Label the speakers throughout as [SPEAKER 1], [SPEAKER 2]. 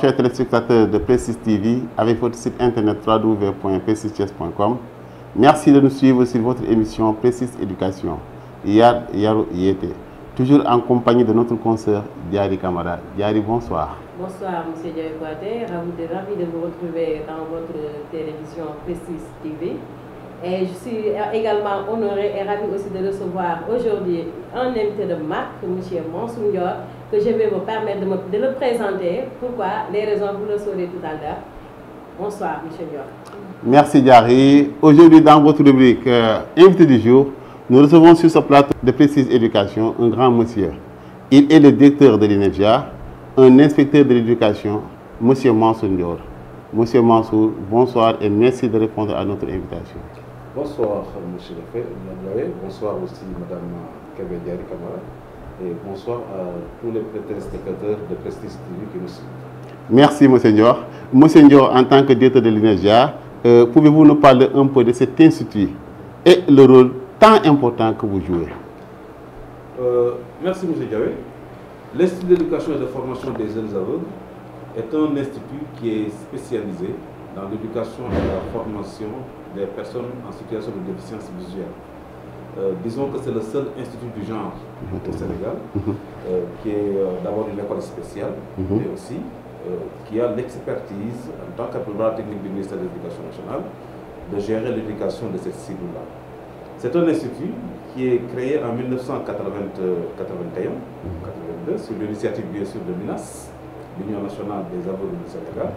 [SPEAKER 1] chers téléspectateurs de Precis TV, avec votre site internet www.precises.com. Merci de nous suivre sur votre émission Precis Éducation, Yaro Yete. Toujours en compagnie de notre consoeur Diary Kamara. Diary, bonsoir.
[SPEAKER 2] Bonsoir, M. Diary Kouate. Ravi de vous retrouver dans votre télévision Precis TV. Et je suis également honoré et ravi aussi de recevoir aujourd'hui un invité de marque, M. Mansour que je vais vous permettre de, le présenter. Pourquoi Les raisons, vous le saurez tout à l'heure. Bonsoir, M. Dior.
[SPEAKER 1] Merci, Diary. Aujourd'hui, dans votre rubrique euh, Invité du jour, nous recevons sur ce plateau de Précise Éducation un grand monsieur. Il est le directeur de l'INEVIA, un inspecteur de l'éducation, M. Mansour Dior. Monsieur Mansour, bonsoir et merci de répondre à notre invitation.
[SPEAKER 3] Bonsoir, M. Lafay, bonsoir aussi, Mme Kébé Diary Kamara et bonsoir à tous les téléspectateurs de Prestige TV qui nous
[SPEAKER 1] Merci, Monseigneur Monseigneur, en tant que directeur de l'INEGIA, euh, pouvez-vous nous parler un peu de cet institut et le rôle tant important que vous jouez
[SPEAKER 3] euh, Merci, Monseigneur L'Institut d'éducation et de formation des jeunes aveugles est un institut qui est spécialisé dans l'éducation et la formation des personnes en situation de déficience visuelle. Euh, disons que c'est le seul institut du genre Mhm. au Sénégal, mhm. euh, qui est euh, d'abord une école spéciale, mhm. mais aussi euh, qui a l'expertise en tant qu'apprenant technique du ministère de l'Éducation nationale de gérer l'éducation de cette cible-là. C'est un institut qui est créé en 1981, 82, sur l'initiative bien sûr de l'UNAS, l'Union nationale des avocats du Sénégal,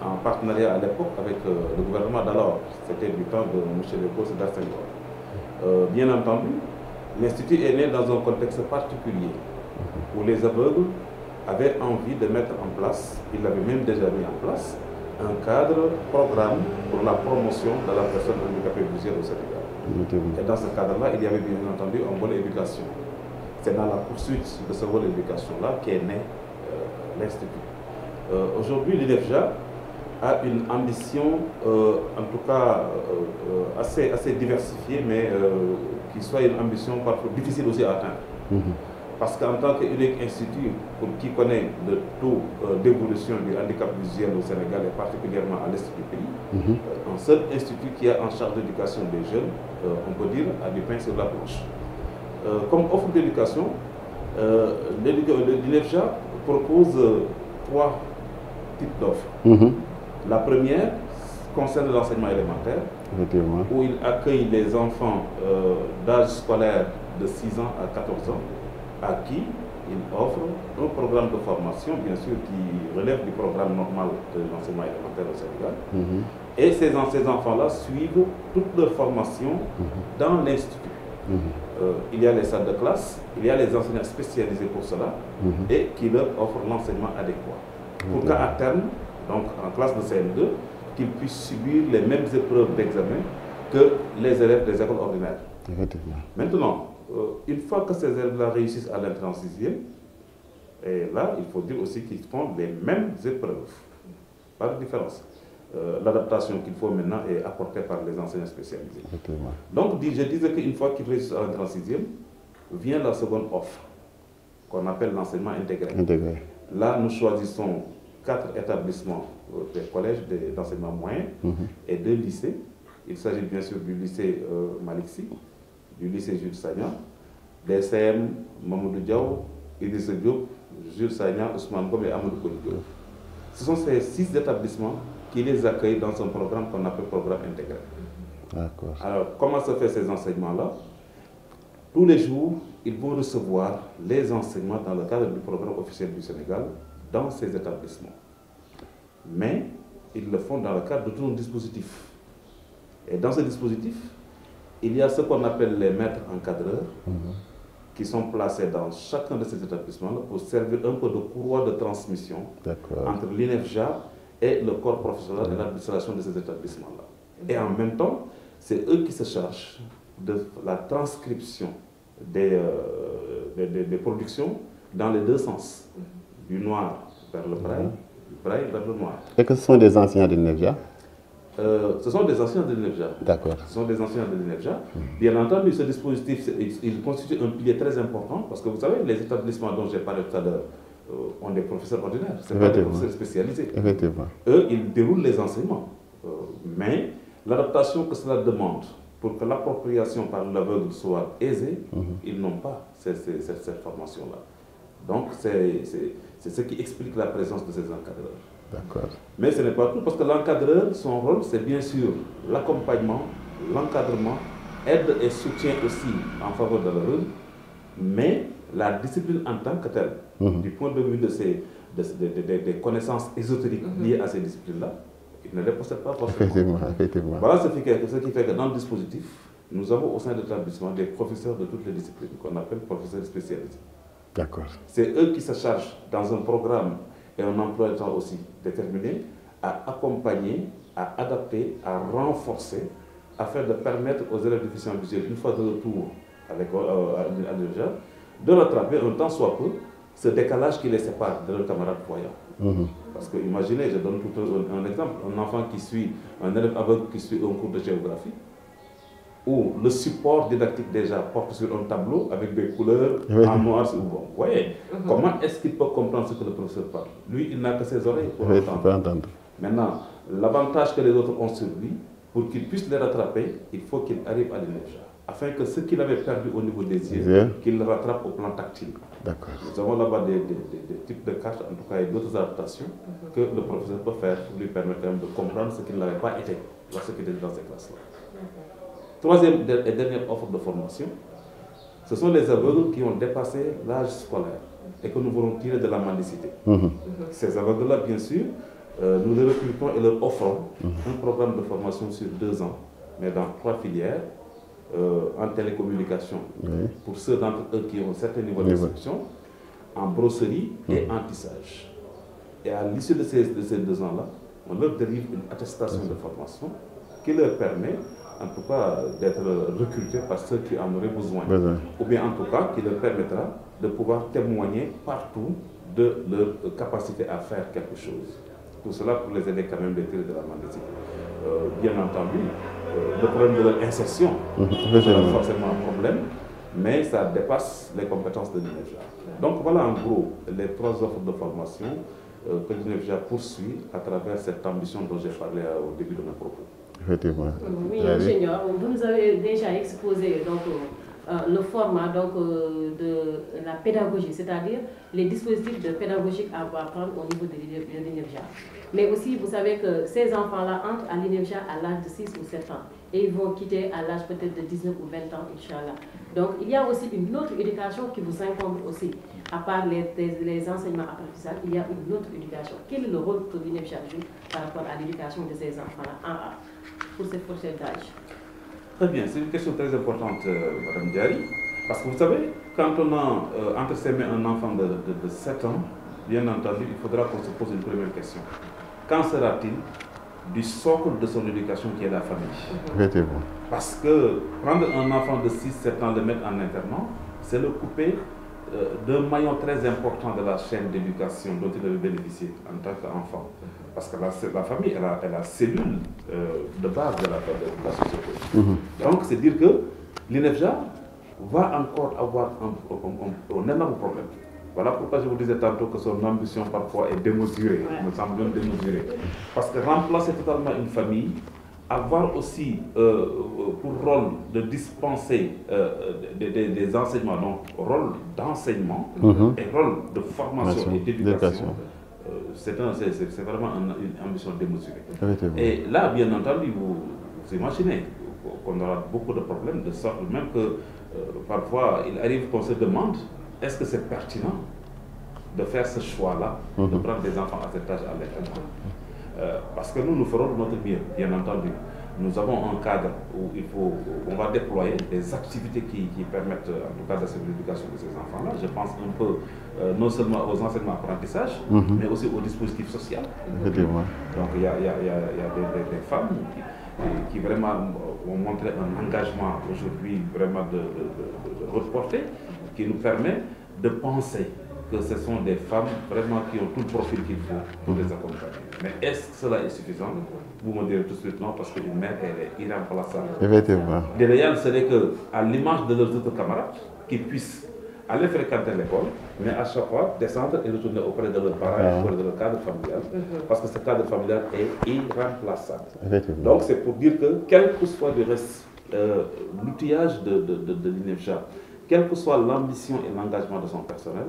[SPEAKER 3] en partenariat à l'époque avec le gouvernement d'alors. C'était du temps de M. Leco Sédar d'Arsène Euh, bien entendu, L'Institut est né dans un contexte particulier où les aveugles avaient envie de mettre en place, ils l'avaient même déjà mis en place, un cadre, programme pour la promotion de la personne handicapée visuelle au Sénégal. Et dans ce cadre-là, il y avait bien entendu un rôle éducation. C'est dans la poursuite de ce rôle déducation là qu'est né euh, l'Institut. Euh, aujourd'hui, l'IDEFJA a une ambition, euh, en tout cas assez, assez diversifiée, mais qui soit une ambition parfois difficile aussi à atteindre. Mhm. Parce qu'en tant qu'unique institut, pour qui connaît le taux euh, d'évolution du handicap visuel au Sénégal et particulièrement à l'est du pays, mhm. euh, un seul institut qui est en charge d'éducation des jeunes, euh, on peut dire, a du pain sur la planche. comme offre d'éducation, l'INEFJA e propose trois types d'offres. Mhm. La première concerne l'enseignement élémentaire, où il accueille les enfants euh, d'âge scolaire de 6 ans à 14 ans, à qui il offre un programme de formation, bien sûr, qui relève du programme normal de l'enseignement élémentaire au Sénégal. Mm-hmm. Et ces, enfants-là suivent toute leur formation mm-hmm. dans l'institut. Mm-hmm. Euh, il y a les salles de classe, il y a les enseignants spécialisés pour cela et qui leur offrent l'enseignement adéquat. Pour qu'à terme, donc en classe de CM2, qu'ils puissent subir les mêmes épreuves d'examen que les élèves des écoles ordinaires. Maintenant, euh, une fois que ces élèves-là réussissent à l'entrée sixième, et là, il faut dire aussi qu'ils font les mêmes épreuves. Pas de différence. Euh, l'adaptation qu'il faut maintenant est apportée par les enseignants spécialisés. Donc, je disais qu'une fois qu'ils réussissent à l'entrée sixième, vient la seconde offre, qu'on appelle l'enseignement intégré. Là, nous choisissons quatre établissements euh, des collèges d'enseignement moyen mhm. et deux lycées. Il s'agit bien sûr du lycée euh, Malixi, du lycée Jules Sagnan, des CM Mamoudou Diaw, Idrissa Diop, Jules Sagnan, Ousmane Gomé et Amadou Ce sont ces six établissements qui les accueillent dans un programme qu'on appelle programme intégré. Alors, comment se fait ces enseignements-là Tous les jours, ils vont recevoir les enseignements dans le cadre du programme officiel du Sénégal, dans ces établissements. Mais ils le font dans le cadre de tout un dispositif. Et dans ce dispositif, il y a ce qu'on appelle les maîtres encadreurs, mhm. qui sont placés dans chacun de ces établissements pour servir un peu de courroie de transmission entre l'INEFJA et le corps professionnel de l'administration de ces établissements-là. Et en même temps, c'est eux qui se chargent de la transcription des euh, productions dans les deux sens. Mhm du noir vers le braille, du braille vers le noir.
[SPEAKER 1] Et que ce sont des anciens de
[SPEAKER 3] euh, ce sont des anciens de D'accord. Ce sont des anciens de Bien entendu, ce dispositif, il, constitue un pilier très important parce que vous savez, les établissements dont j'ai parlé tout à l'heure euh, ont des professeurs ordinaires, C'est pas des professeurs spécialisés. Effectivement.
[SPEAKER 1] Eux, ils déroulent les enseignements.
[SPEAKER 3] Euh, mais l'adaptation que cela demande pour que l'appropriation par l'aveugle soit aisée, mhm. ils n'ont pas cette formation-là. Donc, c'est c'est ce qui explique la présence de ces encadreurs. D'accord. Mais ce n'est pas tout, parce que l'encadreur, son rôle, c'est bien sûr l'accompagnement, l'encadrement, aide et soutien aussi en faveur de la rue, mais la discipline en tant que telle, mhm. du point de vue de ces, connaissances ésotériques mhm. liées à ces disciplines-là, il ne les possède pas forcément. Effectivement, Voilà ce qui, fait, ce qui fait que dans le dispositif, nous avons au sein de l'établissement des professeurs de toutes les disciplines, qu'on appelle professeurs spécialisés. C'est eux qui se chargent dans un programme et un emploi de temps aussi déterminé à accompagner, à adapter, à renforcer, afin de permettre aux élèves déficients visuels, une fois de retour à l'école, euh, de rattraper un temps soit peu ce décalage qui les sépare de leurs camarades voyants. Mhm. Parce que imaginez, je donne tout un, un exemple, un enfant qui suit, un élève aveugle qui suit un cours de géographie, où le support didactique déjà porte sur un tableau avec des couleurs en noir ou bon. Vous voyez mhm. Comment est-ce qu'il peut comprendre ce que le professeur parle Lui, il n'a que ses oreilles pour entendre. Maintenant, l'avantage que les autres ont sur lui, pour qu'il puisse les rattraper, il faut qu'il arrive à l'énergie afin que ce qu'il avait perdu au niveau des yeux, qu'il le rattrape au plan tactile. Nous avons là-bas des, types de cartes, en tout cas, et d'autres adaptations mhm. que le professeur peut faire pour lui permettre de comprendre ce qu'il n'avait pas été lorsqu'il était dans ces classes-là. Troisième et dernière offre de formation, ce sont les aveugles qui ont dépassé l'âge scolaire et que nous voulons tirer de la mendicité. Mhm. Ces aveugles-là, bien sûr, euh, nous les recrutons et leur offrons un programme de formation sur deux ans, mais dans trois filières, euh, en télécommunication, pour ceux d'entre eux qui ont un certain niveau d'instruction, en brosserie et mhm. en tissage. Et à l'issue de, ces, deux ans-là, on leur délivre une attestation de formation qui leur permet en tout cas d'être recruté par ceux qui en auraient besoin. Ben Ou bien en tout cas qui leur permettra de pouvoir témoigner partout de leur capacité à faire quelque chose. Tout cela pour les aider quand même de de la maladie. Euh, bien entendu, euh, le problème de leur insertion mhm. c'est forcément un problème, mais ça dépasse les compétences de l'INEFJA. Donc voilà en gros les trois offres de formation euh, que l'INEFJA poursuit à travers cette ambition dont j'ai parlé au début de mon propos.
[SPEAKER 1] Oui,
[SPEAKER 2] vous nous avez déjà exposé donc, euh, le format donc, euh, de la pédagogie, c'est-à-dire les dispositifs de pédagogique à prendre au niveau de l'INEFJA. Mais aussi, vous savez que ces enfants-là entrent à l'INEFJA à l'âge de 6 ou 7 ans et ils vont quitter à l'âge peut-être de 19 ou 20 ans, Inch'Allah. Donc, il y a aussi une autre éducation qui vous incombe aussi. À part les, les, enseignements apprentissages, il y a une autre éducation. Quel est le rôle que l'INEFJA joue par rapport à l'éducation de ces enfants-là pour ce d'âge
[SPEAKER 3] Très bien, c'est une question très importante, euh, Madame Diary. Parce que vous savez, quand on a euh, entre un enfant de, 7 ans, bien entendu, il faudra qu'on se pose une première question. Quand sera-t-il du socle de son éducation qui est la famille. Parce que prendre un enfant de 6-7 ans, le mettre en internat, c'est le couper euh, d'un maillon très important de la chaîne d'éducation dont il avait bénéficié en tant qu'enfant parce que la famille est la, la cellule euh, de base de la, société. Mhm. Donc, c'est dire que l'INEFJA va encore avoir un, énorme problème. Voilà pourquoi je vous disais tantôt que son ambition parfois est démesurée, me semble démesurée. Parce que remplacer totalement une famille, avoir aussi euh, euh, pour rôle de dispenser des, enseignements, donc rôle d'enseignement mhm. et rôle de formation et d'éducation euh, c'est vraiment une ambition démesurée. Ah Et là, bien entendu, vous, imaginez qu'on aura beaucoup de problèmes, de sorte même que euh, parfois il arrive qu'on se demande est-ce que c'est pertinent de faire ce choix-là, de mhm. prendre des enfants à cet âge à l'étranger euh, Parce que nous, nous ferons notre bien bien entendu nous avons un cadre où il faut, on va déployer des activités qui, permettent en tout cas d'assurer l'éducation de ces enfants-là. Je pense un peu euh, non seulement aux enseignements apprentissage, mhm. mais aussi aux dispositifs social. Donc il y a, des, femmes qui, vraiment ont montré un engagement aujourd'hui vraiment de, de reporter qui nous permet de penser que ce sont des femmes vraiment qui ont tout le profil qu'il faut pour les accompagner. Mais est-ce que cela est suffisant Vous me direz tout de suite non, parce qu'une mère, est irremplaçable. Effectivement. L'idéal serait à l'image de leurs autres camarades, qu'ils puissent aller fréquenter l'école, mais à chaque fois descendre et retourner auprès de leurs parents, ah. auprès de leur cadre familial, mhm. parce que ce cadre familial est irremplaçable. Donc c'est pour dire que, quel que soit le reste, euh, l'outillage de, de, de, quelle que soit l'ambition et l'engagement de son personnel,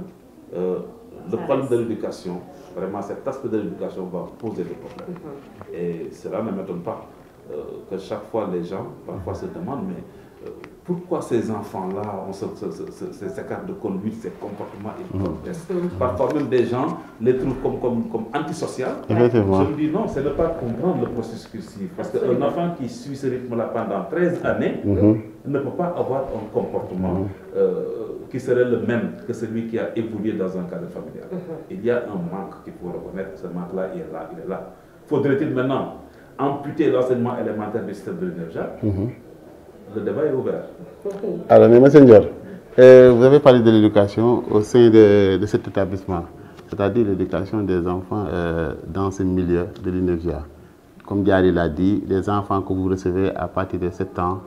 [SPEAKER 3] euh, le ah, problème de l'éducation, vraiment cet aspect de l'éducation va poser des problèmes. Mm-hmm. Et cela ne m'étonne pas euh, que chaque fois les gens, parfois se demandent, mais euh, pourquoi ces enfants-là ont ce, de conduite, ces comportements et mhm. Parfois même des gens les trouvent comme, comme, antisocial. Je me dis non, c'est ne pas comprendre le processus cursif. Parce qu'un enfant qui suit ce rythme-là pendant 13 mhm. années mhm. ne peut pas avoir un comportement euh, qui serait le même que celui qui a évolué dans un cadre familial. Il y a un manque qu'il faut reconnaître. Ce manque-là, il est là, il est là. Faudrait-il maintenant amputer l'enseignement élémentaire du système de l'énergie le débat est ouvert.
[SPEAKER 1] Alors, mais eh, vous avez parlé de l'éducation au sein de, cet établissement, c'est-à-dire l'éducation des enfants euh, dans ce milieu de l'INEVIA. Comme Diary l'a dit, les enfants que vous recevez à partir de 7 ans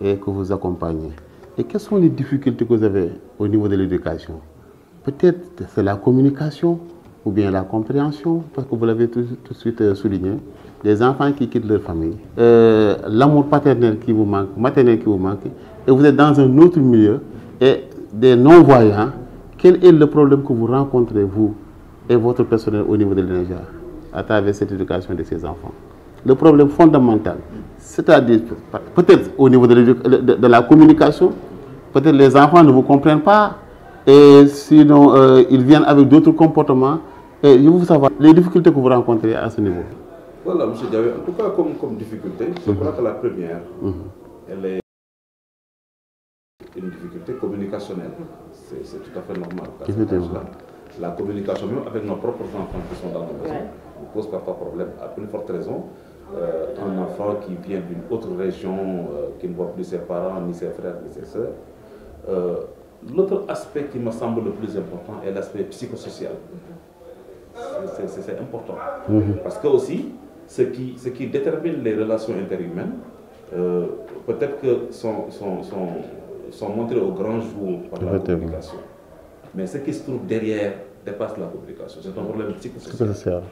[SPEAKER 1] et que vous accompagnez. Et quelles sont les difficultés que vous avez au niveau de l'éducation Peut-être c'est la communication ou bien la compréhension, parce que vous l'avez tout de suite euh, souligné. Les enfants qui quittent leur famille, euh, l'amour paternel qui vous manque, maternel qui vous manque, et vous êtes dans un autre milieu, et des non-voyants, quel est le problème que vous rencontrez, vous et votre personnel, au niveau de l'énergie, à travers cette éducation de ces enfants Le problème fondamental, c'est-à-dire peut-être au niveau de, la communication, peut-être les enfants ne vous comprennent pas, et sinon euh, ils viennent avec d'autres comportements, et je veux savoir les difficultés que vous rencontrez à ce niveau.
[SPEAKER 3] Voilà, M. en tout cas, comme, difficulté, je mhm. crois que la première, mhm. elle est une difficulté communicationnelle. C'est tout à fait normal. La, communication, même avec nos propres enfants qui sont dans nos maisons, nous pose parfois problème. À une forte raison, euh, un enfant qui vient d'une autre région, euh, qui ne voit plus ses parents, ni ses frères, ni ses sœurs. Euh, l'autre aspect qui me semble le plus important est l'aspect psychosocial. Mhm. C'est important. Parce que aussi, ce qui, détermine les relations interhumaines, euh, peut-être que sont, sont, montrées au grand jour par la publication. Mais ce qui se trouve derrière dépasse la publication. C'est un problème psychosocial.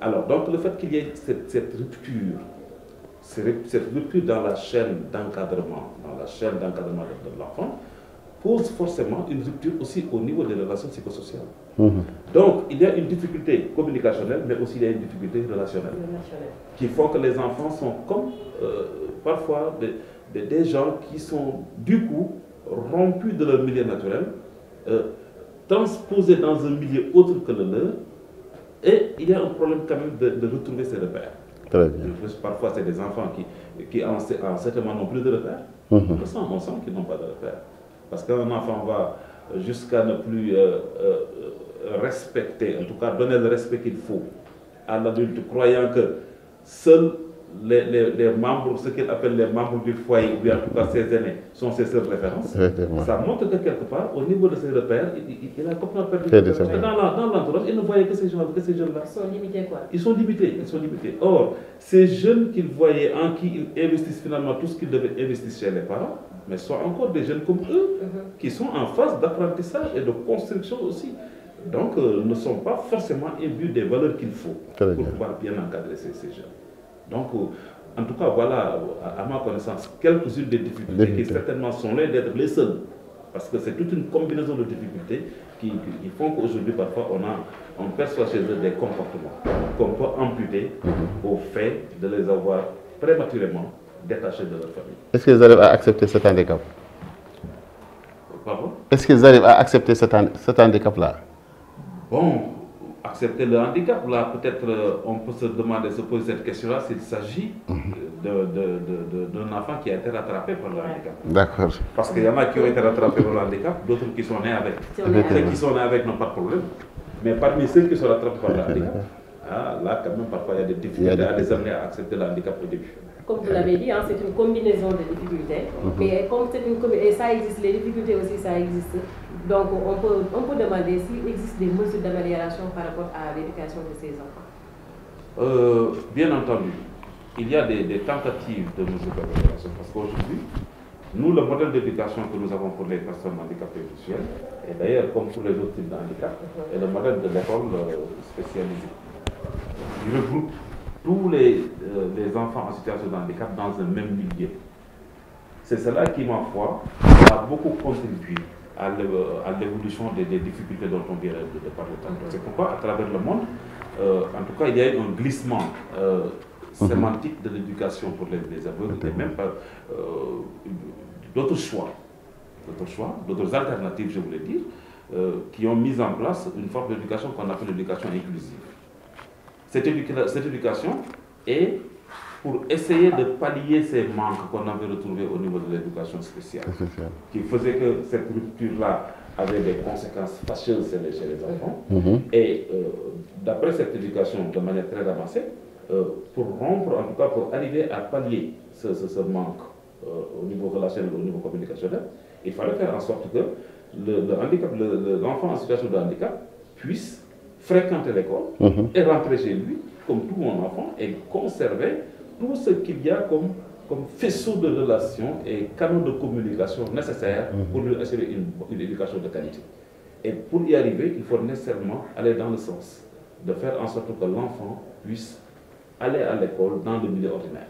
[SPEAKER 3] Alors, donc le fait qu'il y ait cette, cette, rupture, cette rupture dans la chaîne d'encadrement, dans la chaîne d'encadrement de l'enfant, pose forcément une rupture aussi au niveau des relations psychosociales. Mhm. Donc, il y a une difficulté communicationnelle, mais aussi il y a une difficulté relationnelle, qui font que les enfants sont comme euh, parfois des, gens qui sont du coup rompus de leur milieu naturel, euh, transposés dans un milieu autre que le leur, et il y a un problème quand même de, retrouver ses repères. Parfois, c'est des enfants qui, qui en, certainement n'ont plus de repères. On sent, qu'ils n'ont pas de repères. Parce qu'un enfant va jusqu'à ne plus... Euh, respecter, en tout cas donner le respect qu'il faut à l'adulte, croyant que seuls les, membres, ce qu'il appelle les membres du foyer, ou bien en tout cas ses aînés, sont ses seules
[SPEAKER 1] références. Ça
[SPEAKER 3] montre que quelque part, au niveau de ses repères, il, a complètement perdu. Dans l'entourage, il ne voyait que ces jeunes-là. ils sont limités quoi Ils sont limités, ils sont limités. Or, ces jeunes qu'il voyait, en qui ils investissent finalement tout ce qu'ils devaient investir chez les parents, mais sont encore des jeunes comme eux, mhm. qui sont en phase d'apprentissage et de construction aussi donc euh, ne sont pas forcément imbus des valeurs qu'il faut pour pouvoir bien encadrer ces, gens. Donc, euh, en tout cas, voilà, à, ma connaissance, quelques-unes des difficultés qui certainement sont là d'être les seuls, Parce que c'est toute une combinaison de difficultés qui, font qu'aujourd'hui, parfois, on, on perçoit chez eux des comportements qu'on peut amputer mhm. au fait de les avoir prématurément détachés de leur famille.
[SPEAKER 1] Est-ce qu'ils arrivent à accepter cet handicap Pardon Est-ce qu'ils arrivent à accepter cet, cet handicap-là
[SPEAKER 3] Bon, accepter le handicap, là, peut-être euh, on peut se demander, se poser cette question-là s'il s'agit mhm. d'un enfant qui a été rattrapé par le handicap. D'accord. Parce qu'il y en a qui ont été rattrapés par le handicap, d'autres qui sont nés avec. Ceux qui sont nés avec n'ont pas de problème. Mais parmi ceux qui sont rattrapés par le handicap, ah, là, quand même, parfois, il y a des difficultés à les amener à accepter le au
[SPEAKER 2] Comme vous l'avez dit, hein, c'est une combinaison de difficultés. Mhm. Mais comme c'est une et ça existe, les difficultés aussi, ça existe. Donc, on peut, demander s'il existe des mesures d'amélioration par rapport à l'éducation de ces enfants.
[SPEAKER 3] Euh, bien entendu, il y a des, tentatives de mesures d'amélioration parce qu'aujourd'hui, nous, le modèle d'éducation que nous avons pour les personnes handicapées visuelles, et d'ailleurs comme pour les autres types de handicap, mhm. est le modèle de l'école euh, spécialisée. Je regroupe tous euh, les, enfants en situation de handicap dans un même milieu. C'est cela qui, ma foi, a beaucoup contribué à euh, l'évolution des, difficultés dont on vient de, de parler. C'est pourquoi, à travers le monde, euh, en tout cas, il y a eu un glissement mhm. sémantique de l'éducation pour les, aveugles et même d'autres choix, d'autres choix, d'autres alternatives, je voulais dire, qui ont mis en place une forme d'éducation qu'on appelle l'éducation inclusive cette, éducation et pour essayer de pallier ces manques qu'on avait retrouvés au niveau de l'éducation spéciale, qui faisait que cette rupture-là avait des conséquences fâcheuses chez les, enfants. Mm-hmm. Et euh, d'après cette éducation de manière très avancée, euh, pour rompre, en tout cas pour arriver à pallier ce, manque euh, au niveau relationnel, au niveau communicationnel, il fallait faire en sorte que l'enfant le, en situation de handicap puisse fréquenter l'école mhm. et rentrer chez lui, comme tout mon enfant, et conserver tout ce qu'il y a comme, comme faisceau de relations et canaux de communication nécessaires mhm. pour lui assurer une éducation de qualité. Et pour y arriver, il faut nécessairement aller dans le sens de faire en sorte que l'enfant puisse aller à l'école dans le milieu ordinaire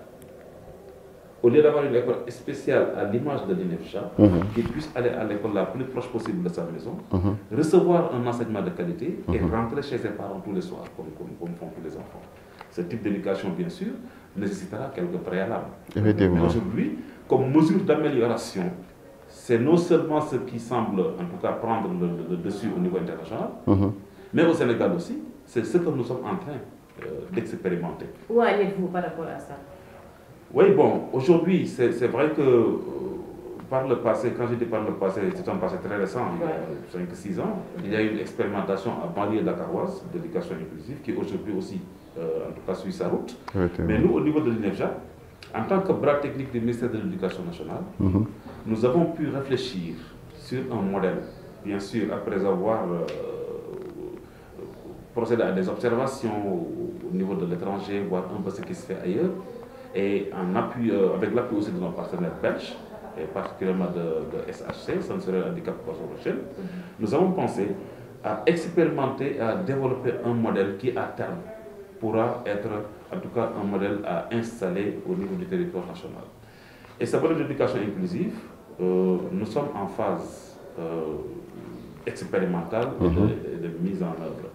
[SPEAKER 3] au lieu d'avoir une école spéciale à l'image de l'INEFCHA, mmh. qu'il puisse aller à l'école la plus proche possible de sa maison, mhm. recevoir un enseignement de qualité et mhm. rentrer chez ses parents tous les soirs, comme, font tous les enfants. Ce type d'éducation, bien sûr, nécessitera quelques préalables. Mais aujourd'hui, comme mesure d'amélioration, c'est non seulement ce qui semble, en tout cas, prendre le, dessus au niveau international, mhm. mais au Sénégal aussi, c'est ce que nous sommes en train euh, d'expérimenter.
[SPEAKER 2] Où allez-vous par rapport à ça
[SPEAKER 3] oui, bon, aujourd'hui, c'est vrai que euh, par le passé, quand je dis par le passé, c'est un passé très récent, il y a 5-6 ans, il y a eu une expérimentation à banlieue de la Caroise, d'éducation inclusive, qui aujourd'hui aussi, euh, en tout cas, suit sa route. Mais nous, au niveau de l'INEFJA, en tant que bras technique du ministère de l'Éducation nationale, mhm. nous avons pu réfléchir sur un modèle, bien sûr, après avoir euh, procédé à des observations au niveau de l'étranger, voir un peu ce qui se fait ailleurs et en appui, euh, avec l'appui aussi de nos partenaires belges, et particulièrement de, de SHC, Sensoriel Handicap la Rochelle, mhm. nous avons pensé à expérimenter, et à développer un modèle qui, à terme, pourra être en tout cas un modèle à installer au niveau du territoire national. Et ça parle d'éducation inclusive. Euh, nous sommes en phase euh, expérimentale mhm. de, mise en œuvre.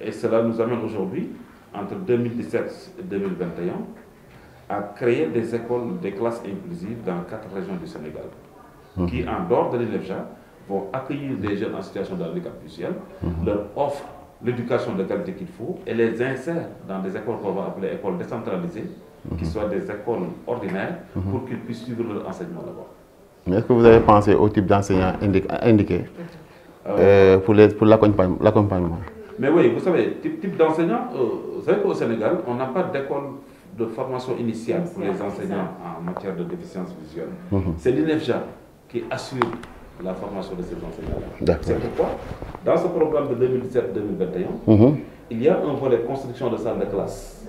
[SPEAKER 3] et cela nous amène aujourd'hui, entre 2017 et 2021, à créer des écoles, de classes inclusives dans quatre régions du Sénégal, mhm. qui, en dehors de l'INEFJA, vont accueillir des jeunes en situation de handicap visuel, mhm. leur offrent l'éducation de qualité qu'il faut et les insèrent dans des écoles qu'on va appeler écoles décentralisées, qui mhm. soient des écoles ordinaires, pour qu'ils puissent suivre leur enseignement là
[SPEAKER 1] Mais est-ce que vous avez pensé au type d'enseignant indiqué euh, euh, pour l'accompagnement
[SPEAKER 3] Mais oui, vous savez, type, type d'enseignant, euh, vous savez qu'au Sénégal, on n'a pas d'école de formation initiale pour les enseignants en matière de déficience visuelle. Mhm. C'est l'INEFJA qui assure la formation de ces enseignants-là. C'est pourquoi, dans ce programme de 2017-2021, mhm. il y a un volet construction de salles de classe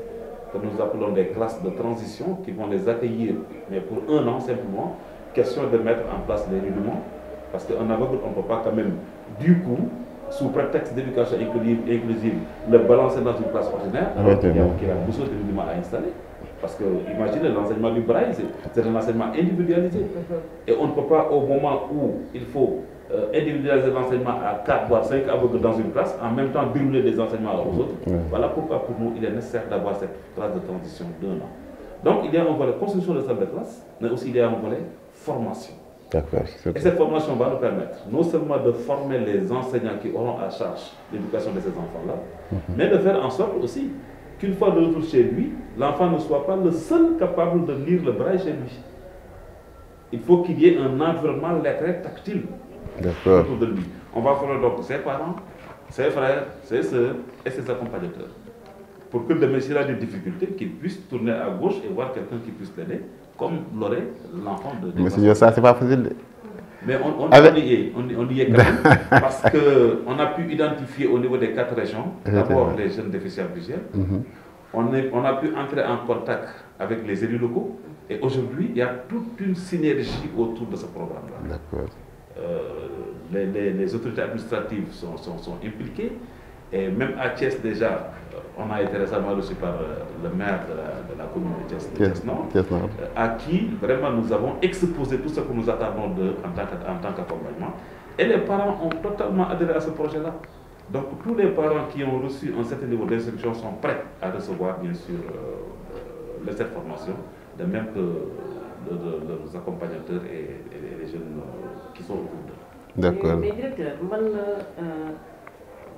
[SPEAKER 3] que nous appelons des classes de transition qui vont les accueillir, mais pour un an simplement, question de mettre en place les rudiments, parce qu'en aveugle, on ne peut pas quand même, du coup, sous prétexte d'éducation inclusive, le balancer dans une classe ordinaire, ah, alors un beaucoup de l'éducation à installer. Parce que, imaginez, l'enseignement du c'est un enseignement individualisé. Et on ne peut pas, au moment où il faut euh, individualiser l'enseignement à 4 voire 5 avocats dans une classe, en même temps brûler les enseignements aux autres. Voilà pourquoi, pour nous, il est nécessaire d'avoir cette classe de transition d'un an. Donc, il y a un volet construction de salle de classe, mais aussi il y a un volet formation. Et cette formation va nous permettre non seulement de former les enseignants qui auront à charge l'éducation de ces enfants-là, mhm. mais de faire en sorte aussi qu'une fois de retour chez lui, l'enfant ne soit pas le seul capable de lire le braille chez lui. Il faut qu'il y ait un environnement lettré tactile
[SPEAKER 1] autour de
[SPEAKER 3] lui. On va former donc ses parents, ses frères, ses sœurs et ses accompagnateurs. Pour que demain, s'il a des difficultés, qu'il puisse tourner à gauche et voir quelqu'un qui puisse l'aider, comme l'aurait l'enfant de, Monsieur ça, c'est pas facile. Mais on, on, on, y est, on, y est quand même, parce qu'on a pu identifier au niveau des quatre régions, d'abord les jeunes déficients visuels, mm-hmm. on, on a pu entrer en contact avec les élus locaux, et aujourd'hui, il y a toute une synergie autour de ce programme-là. D'accord. Euh, les, autorités administratives sont, sont impliquées, et même à Thiès déjà, on a été récemment reçu par euh, le maire de la, commune de Thiès, euh, à qui vraiment nous avons exposé tout ce que nous attendons de, en tant qu'accompagnement. Et les parents ont totalement adhéré à ce projet-là. Donc tous les parents qui ont reçu un certain niveau d'instruction sont prêts à recevoir bien sûr euh, cette formation, de même que de,
[SPEAKER 1] accompagnateurs
[SPEAKER 2] et, les jeunes qui sont autour
[SPEAKER 1] d'eux. D'accord. Mais,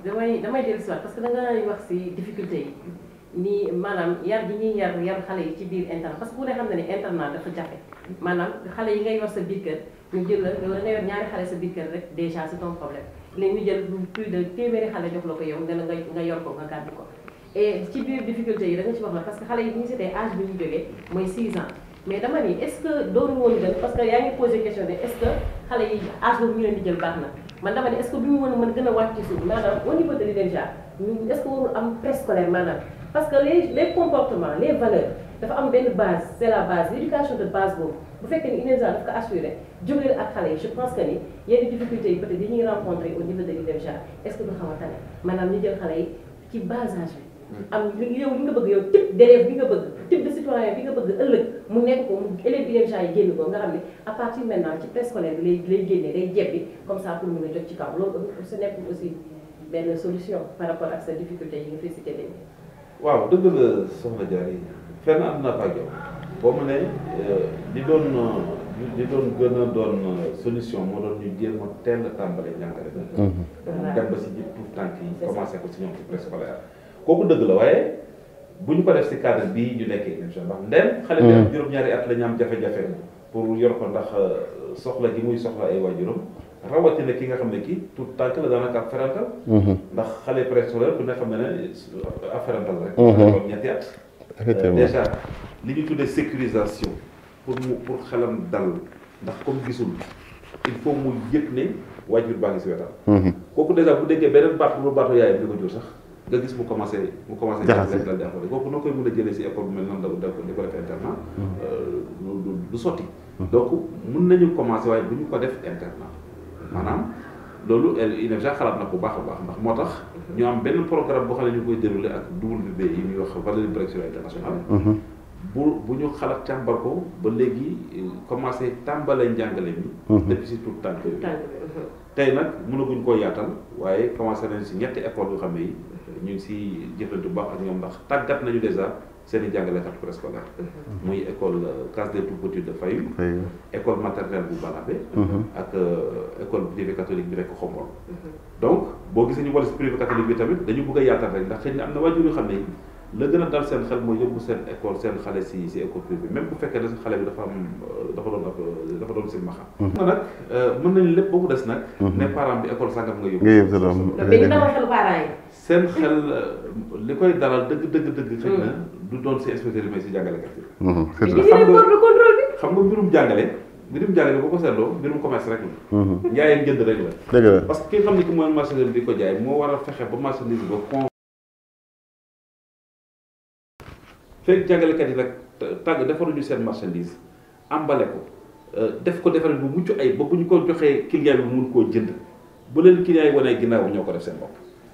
[SPEAKER 2] damay damay dellu si waat parce que da ngay wax si difficulté yi ni maanaam yar bi ñuy yar yar xale yi ci biir internat parce que ku ne xam na ne internat dafa jafe maanaam xale yi ngay yor sa biir kër ñu jël la da nga yor ñaari xale sa biir kër rek déjà c'est ton problème léegi ñu jël plus de téeméeri xale jox la ko yow nga nga yor ko nga gàddu ko et ci biir difficulté yi da nga wax la parce que xale yi bu ñu seetee âge bi ñu jógee mooy 6 ans mais dama ni est que dooru woon gën parce que yaa ngi posé question ne est ñu jël baax na Madame, est-ce que vous mu mën a mën gën a wàcc si maanaam au niveau de l'INEJA est-ce que warul am préscolaire maanaam parce que les les comportements les valeurs dafa am benn base c'est la base l'éducation de base boobu bu fekkee ni INEJA daf ko assuré jóge ak xale yi je pense que ni yenn difficultés yi peut-être yi rencontré au niveau de l'INEJA est-ce que du xaw a tane maanaam ñu jël xale yi ci base âge bi am li yow li nga bëgg yow type d'élève bi nga bëgg type de citoyen bi nga bëgg ëllëg mu nekk ko mu élève INJA yi génn ko nga xam ne à partir maintenant ci préscolaire bi lay lay génnee day jebbi comme ça pour mën a jot ci kaw loolu ce nekk aussi benn solution par rapport ak sa difficulté yi nga fi cité léegi.
[SPEAKER 3] waaw dëgg la soxna yi fenn am na fa ak yow boo mu ne di euh, doon euh, li doon gën a doon euh, solution moo doon ñu jéem a teel a tàmbalee njàngale. waaw mhm. dem ba si ji tout temps yi commencé ko si ñoom ci préscolaire. kooku dëgg la waaye bu ñu ko def si cadre bii ñu nekkee incha allah ndem. xale bi am mm. juróom-ñaari at la ñu am jafe-jafe pour yor ko ndax euh, soxla gi muy soxla ay waajuram rawatina ki nga xam ne kii tout tànk la daanaka ab ferantal mm-hmm. ndax xale préscolaire ku ne xam ne ne euh, ab ferantal rek. am mm-hmm. ñetti at. Euh, li ñu tuddee sécurisation pour mu pour xelam dal ndax comme gisul il faut mu yëg ne waajur baa ngi si wetam. Mm-hmm. kooku déjà bu déggee beneen baatu lu baatu yaayam di ko jur sax. nga gis mu commencé mu commencé jaxase la jaxase kooku noo koy mën a jëlee si école bu mel noonu da ko di ko def internat loolu sotti mm-hmm. donc mën nañu commencé waaye bu ñu ko def internat maanaam loolu INEFJA xalaat na ko baax a baax ndax moo tax ñu am benn programme boo xam ne ñu koy déroulé ak WBI yi ñuy wax valeur direction internationale mm-hmm. bu bu ñu xalaat càmbar ko ba léegi euh, commencé tàmbale njàngale mi mm-hmm. depuis si tout tànk tey nag mënaguñ koo yaatal waaye commencé nañ si ñetti école yoo xam ne ñu ngi si jëflante bu baax ak ñoom ndax tàggat nañu déjà seen i jàngalekat préscolaire mhm. muy école euh, case des tout de Fayoum école maternelle bu Balabé mhm. ak euh, école privée catholique bi rek Xombol mhm. donc boo gisee ñu wala si privé catholique bi tamit dañu bëgg a yaatal rek ndax xëy na am na waajur yoo xam ne la gën a dal seen xel mooy yóbbu seen école seen xale si si école privée même bu fekkee ne seen xale bi dafa am euh, dafa doon ak dafa doon seen maxa ma nag mën nañu lépp boobu des nag ne parent bi école sàngam nga yóbbu nga
[SPEAKER 2] yóbbu
[SPEAKER 3] seen xel li koy dalal dëgg dëgg dëgg. xëy na mm. du doon si inspecteur yi may si jàngalekat yi. Mm-hmm. xam nga xam nga mbirum jàngale. mbirum jàngale boo ko seetloo mbirum commerce rek la. Mm-hmm. njaay ak jënd rek la. dëgg la parce que ki nga xam ne ki mooy marchandise bi ko jaay moo war a fexe ba marchandise ba con. fekk jàngalekat yi nag tàgg defaruñu seen marchandise àmbale ko euh, def ko defaree bu mucc ay ba bu ñu ko joxee client bi mun koo jënd bu leen client yi wanee ginnaaw ñoo ko def seen bopp.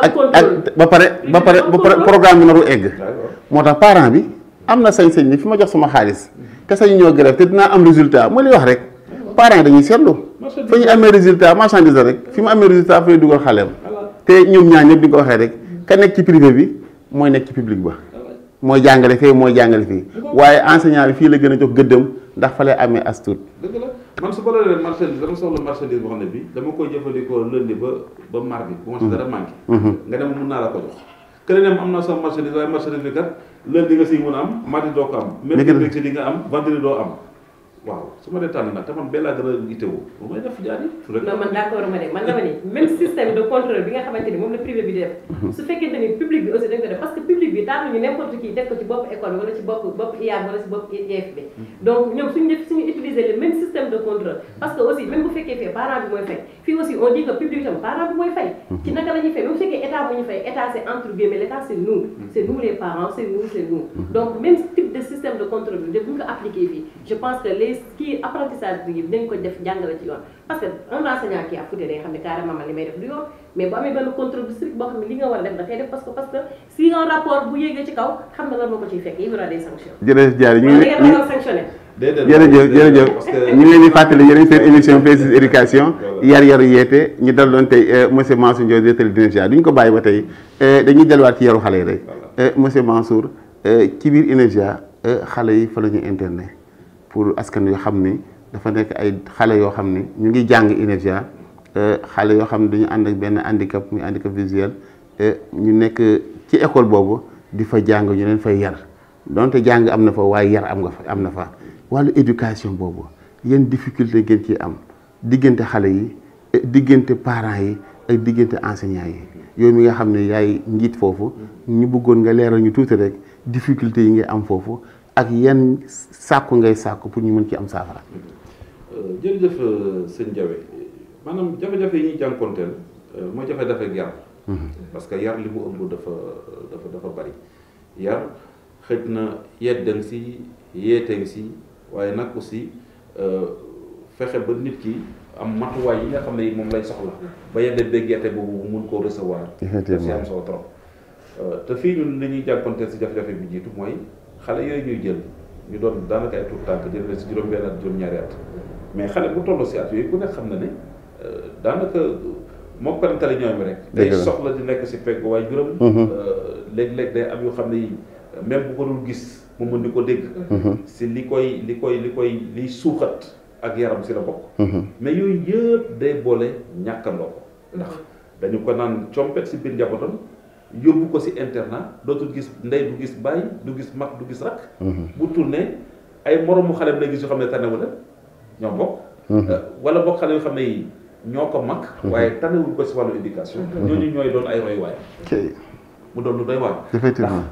[SPEAKER 3] ak
[SPEAKER 1] ak ba pare ba pare ba pare programme bi naru egg moo tax parent bi am na sañ-sañ ni fi ma jox sama xaalis te sañ ñoo grève te dinaa am résultat mooy li wax rek parent yi dañuy seetlu fa ñu amee résultat marchandise rek fi mu amee résultat fa lay dugal te ñoom ñaar ñëpp di ko waxee rek ka nekk ci privé bi mooy nekk ci public ba mooy jàngale fee mooy jàngale fii waaye enseignant bi fii la gën a jox gëddam ndax fa lay amee as tuut.
[SPEAKER 3] dëgg la man su ko doonee marchandise dama soxla marchandise boo xam ne bii dama koy jëfandikoo lundi ba ba mardi. bu ma si dara manqué. Mhm. nga dem mun naa la ko jox. keneen dem am naa sama marchandise waaye marchandise bi kat lundi nga si mun am mardi doo ko am. dëgg la am vendredi am. waaw su ma dee tànn nag te man bee laa gën a itteewoo
[SPEAKER 2] mooy def jaar yi. non man d'accord, ma ne man dama ne même système de contrôle bi nga xamante ni moom le privé bi ce def. Hmm. su fekkee tamit public bi aussi donc def parce que public bi tànn ñu n' qui teg ko ci bop école wala ci bop bop IAM wala ci bop IEF bi. Hmm. donc nous suñu def suñu utiliser le même système de contrôle. parce que aussi même bu faites que parent bi vous fay puis aussi on dit que public tam parent bi mooy fay. Hmm. ci naka la ñuy même bu fekkee état bu ñu fay état c'est entre guillemets l' état nous. c'est nous les parents c'est nous c'est nous. donc même type de système de contrôle bi de bu ko je pense que day kii apprentissage bi dañ ko def jàngale ci yoon
[SPEAKER 3] ñu leen
[SPEAKER 1] fàttali yéen seen émission Faces éducation yar yaru yeete ñu dal doon tey euh, monsieur Mansour Ndiaye directeur d'INEJA duñ ko bàyyi ba tey euh, dañuy delluwaat ci yaru xale yi rek euh, monsieur Mansour ci biir INEJA xale yi fa la ñu internet pour askan yoo xam ni dafa nekk ay xale yoo xam ni ñu ngi jàng INEFJA euh, xale yoo xam ne dañu ànd ak benn handicap muy handicap visuel euh, ñu nekk ci école boobu di fa jàng ñu leen fay yar donte jàng am na fa waaye yar am nga fa am na fa wàllu éducation boobu yéen difficulté ngeen ci am diggante xale yi euh, diggante parents yi ay diggante enseignants yi yow mi nga xam ne yaay njiit foofu ñu bëggoon nga leeral ñu tuuti rek difficulté yi nga am foofu ak yan sàkku ngay sàkku pour ñu mën ci am saafara.
[SPEAKER 3] Euh, jërëjëf euh, sëñ Jawe maanaam jafe-jafe yi ñuy jànkonteel euh, mooy jafe-jafe yar. Mhm. parce que yar li mu ëmb dafa dafa dafa bari yar xëj na yeddan si yeeteeg si waaye nag aussi fexe ba nit ki am matuwaay yi nga xam ne moom lay soxla ba yedde beeg gerte boobu mun koo recevoir. effectivement si te fii ñun li ñuy jànkonteel si jafe-jafe bi jiitu mooy. xale yooyu ñuy jël ñu doon daanaka ay tuut tànk jël na si juróom-benn at juróom-ñaari at mais xale bu toll si at yooyu ku ne na ne euh, daanaka euh, moo ko tali ñoom rek. day soxla di nekk si pegg waaye juróom. Mhm. Euh, léeg-léeg day am yoo xam ne yi même bu ko dul gis mu mën di ko dégg. Mhm. si li koy li koy li koy liy suuxat ak yaram si la bokk. Mhm. mais yooyu yëpp day boole ñàkkandoo ko ndax dañu ko naan compet si biir njabootam. yóbbu ko si internat dootul gis ndey du gis bàyyi du gis mak du gis rak mhm. bu tourné ay moromu xale bi lay gis yo xam ne tanewu la ñoo bokk. Mhm. Euh, wala bok xale yo xam ñoko mak waye ko mag. Mhm. ko si walu éducation. ñooñu ñoy doon ay roy waay. mu doon lu doy waar. effectivement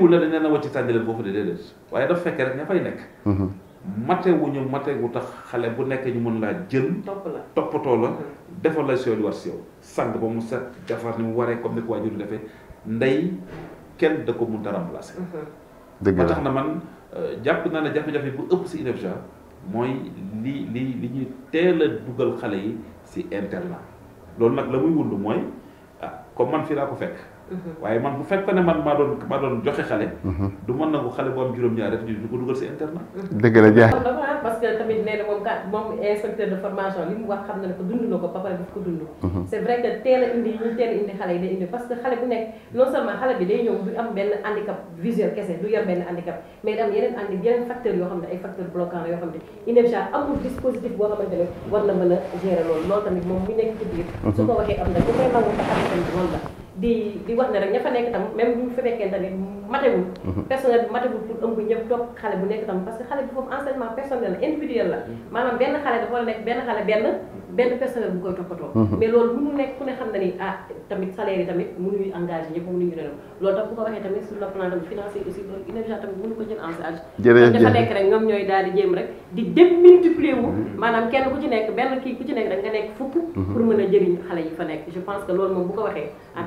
[SPEAKER 3] wu la dañ leen a wàcc sànni leen de déedéet waaye dafa fekkee rek ña fay nekk. mate wu ñu mate wu tax xale bu nekk ñu mën laa jël. toppatoo la mm. defal la si yow di war si sang ba mu set defar ni mu waree comme ni ko waajur defee ndey kenn da ko mun a remplacer. Mm-hmm. dëgg tax na man euh, jàpp naa ne jafe-jafe bu ëpp si INEFJA mooy li li li ñuy teel a dugal xale yi si internat loolu nag la muy wund mooy ah comme man fii laa ko fekk. Mhm. waaye man bu fekkoon ne man maa doon joxe xale. Mhm. du am juróom-ñaar mhm.
[SPEAKER 2] moom kat moom inspecteur li mu na ne ko dund na ko ba pare daf ko dund. c' est vrai que a indi ñu teel boo xamante ne war na mën a gérer loolu loolu tamit moom mu nekk ci su ko waxee am na bu may nangu ko xam ne tamit loolu la. di di wax ne rek ña fa nekk tam même bu ñu fa fekkee tamit matewul. Mhm. personnel bi matewul pour ëmb ñëpp toog xale bu nekk tam parce que xale bi foofu enseignement personnel la individuel la. Mhm. maanaam benn xale dafa war a nekk benn xale benn benn personnel mhm. mais loolu bu nekk ku ne ni ah, tamit salaire yi tamit mënuñuy engagé ñëpp mënuñu ne loolu tax bu ko waxee tamit sur le plan tamit financier aussi maanaam kenn ku ci nekk benn kii ku ci nekk rek nga nekk fukk. pour mën a jëriñ xale yi fa nekk je pense que loolu moom bu ko waxee en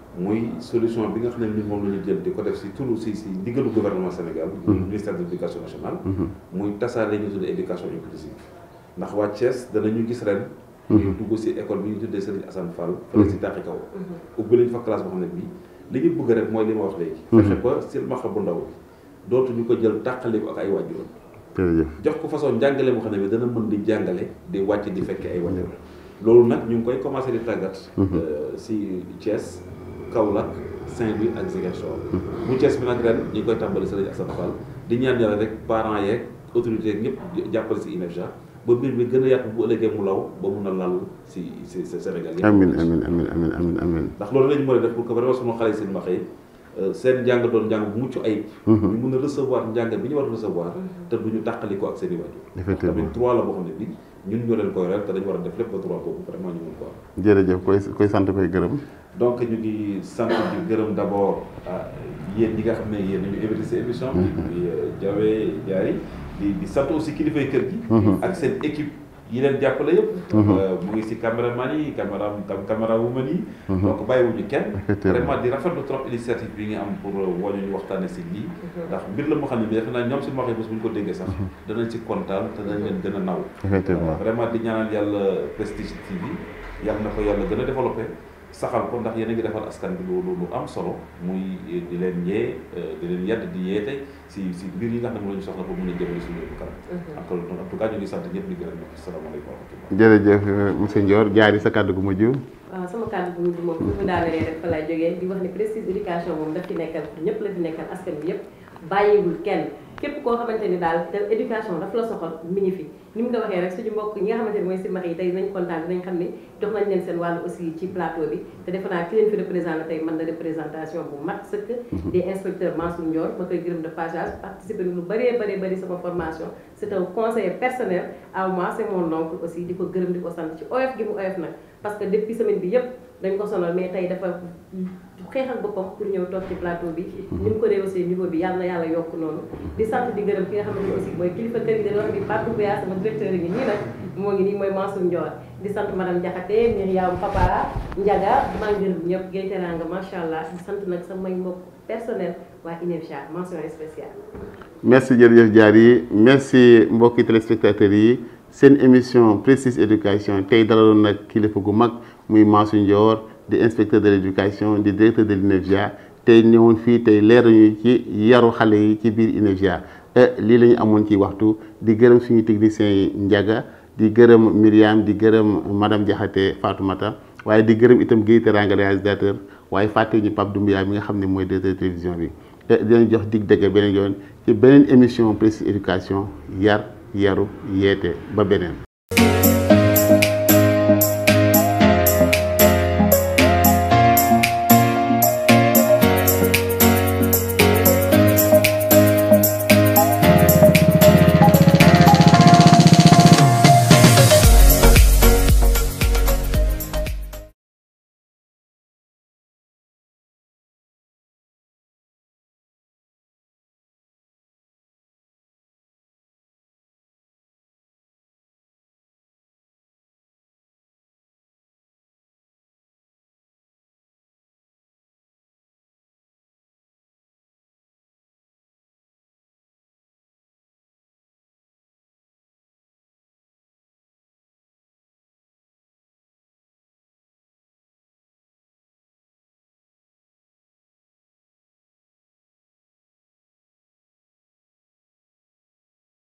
[SPEAKER 3] muy solution bi nga xam ne ni moom la ñu jël di ko def si turu si si diggalu gouvernement Sénégal. Mhm. ministère de l' éducation nationale. Mhm. muy tasaare ñu tudd éducation inclusive ndax waa Thiès danañu gis ren. Mhm. ñu dugg si école bi ñu tuddee Serigne Assane Fall. si Taaxi Kaw. ubbi nañ fa classe boo xam ne bii li ñu rek mooy li ma wax léegi. fexe ba silmaxa bu ndaw bi dootuñu ko jël tàqale ko ak ay waajuram. jërëjëf jox ko façon jàngale boo xam ne bi dana mën di jàngale di wàcc di fekkee ay waajuram loolu nag ñu ngi koy commencé di tàggat. Euh, si Thiès. Kaolack Saint-Louis ak Ziguinchor. Hmm. bu Thiès bi nag ren ñu ngi koy tàmbali Sëriñ Assane di ñaan yàlla rek parent yeeg autorités yeeg ñëpp jàppale si INEFJA ba mbir mi gën a yàqu bu ëllëgee mu law ba mun a lal si si Sénégal yëpp. amiin amiin amiin amiin ndax loolu la ñu mën a def pour que vraiment sunu xale yi seen max yi euh, seen njàng doon njàng bu mucc ay hmm. ñu mun a recevoir njàng bi ñu war a recevoir te du ñu tàqali ak seen i waajur. effectivement trois la boo xam ne bi ñun ñoo leen koy rek te dañu war a def lépp ba droit boobu vraiment ñu mun ko am.
[SPEAKER 1] jërëjëf koy sant koy gërëm.
[SPEAKER 3] donc ñu ngi sant di gërëm d' abord ah, yéen ñi nga xam ne yéen ñu invité si émission bi. Mm-hmm. muy Diawé euh, Ndiaye di di sant aussi kilifay kër gi. Mm-hmm. ak seen équipe. yi leen jàppale yëpp. Mhm. Euh, mu ngi si caméraman yi caméra caméra woman yi. Mhm. donc bàyyiwuñu kenn. vraiment di rafetlu trop initiative bi nga am pour euh, woo ñu waxtaanee si lii. Mhm. ndax mbir la moo xam ne bi defe naa ñoom suñu waxee bés bu ñu ko déggee sax. danañ si kontaan te nañ leen gën a naw. vraiment di ñaanal yàlla Prestige TV yàlla na ko yàlla gën a développé. saxal ko ndax yéen a ngi defal askan bi loolu lu am solo muy di leen yee euh, di leen yedd di yee tey si si mbir yi nga xam ne moom la ñu soxla pour mun a mhm. sant ñëpp di gërëm
[SPEAKER 1] jërëjëf monsieur Ndior jaari sa kàddu gu mujj. waaw
[SPEAKER 2] ah, sama kàddu gu mujj moom bu mu daanalee rek fa laay jógee di wax ne Prestige éducation moom daf fi nekkal ñëpp la fi nekkal askan bi yëpp bàyyiwul kenn képp koo xamante ni daal te éducation daf la soxal mi ngi fi ni mu ko waxee rek suñu mbokk ñi nga xamante ne mooy simax yi tey nañ kontaan dinañ xam ne jox nañ leen seen wàllu aussi ci plateau bi te defe naa ki leen fi représenté tey mën na représentation bu mat sëkk mhm. des inspecteurs Mansour Ndior ma koy gërëm de passage participer lu baree bëree bëri sama formation c' est un conseiller personnel à moi c' est aussi di ko gërëm di ko sant ci oyof gi mu oyof nag parce que depuis semaine bi yëpp dañ ko sonal mais tey dafa xeexal bopam pour ñew tok ci plateau bi mhm. ni ko ko réussir niveau bi yalla yalla yok non mhm. di sant di gëreum ki nga xamanteni aussi moy kilifa keur gi dañu di ni Pape Bouya sama directeur ngi ni nak mo ngi ni moy Mansour Ndior di sant madame Diakhaté miriam Papa Ndiaga ma ngir ñep ñëpp Gueye Teranga macha allah di sant nak sama may mbokk personnel waa INEFJA mention spéciale
[SPEAKER 1] merci jërëjëf jaar yi merci mbokk téléspectateurs yi seen émission précise éducation tay dalaloon nak kilifa gu mag muy Mansour Ndior inspecteur de l'éducation des directeur de l'INEVIA tey ñëwoon ci yaru xale ci biir INEVIA eh, lii technicien Ndiaga di Myriam di madame Fatoumata des di itam réalisateur ñu Pape mi nga télévision bi eh, jox dig benen yoon ci benen émission éducation yar yaru yété ba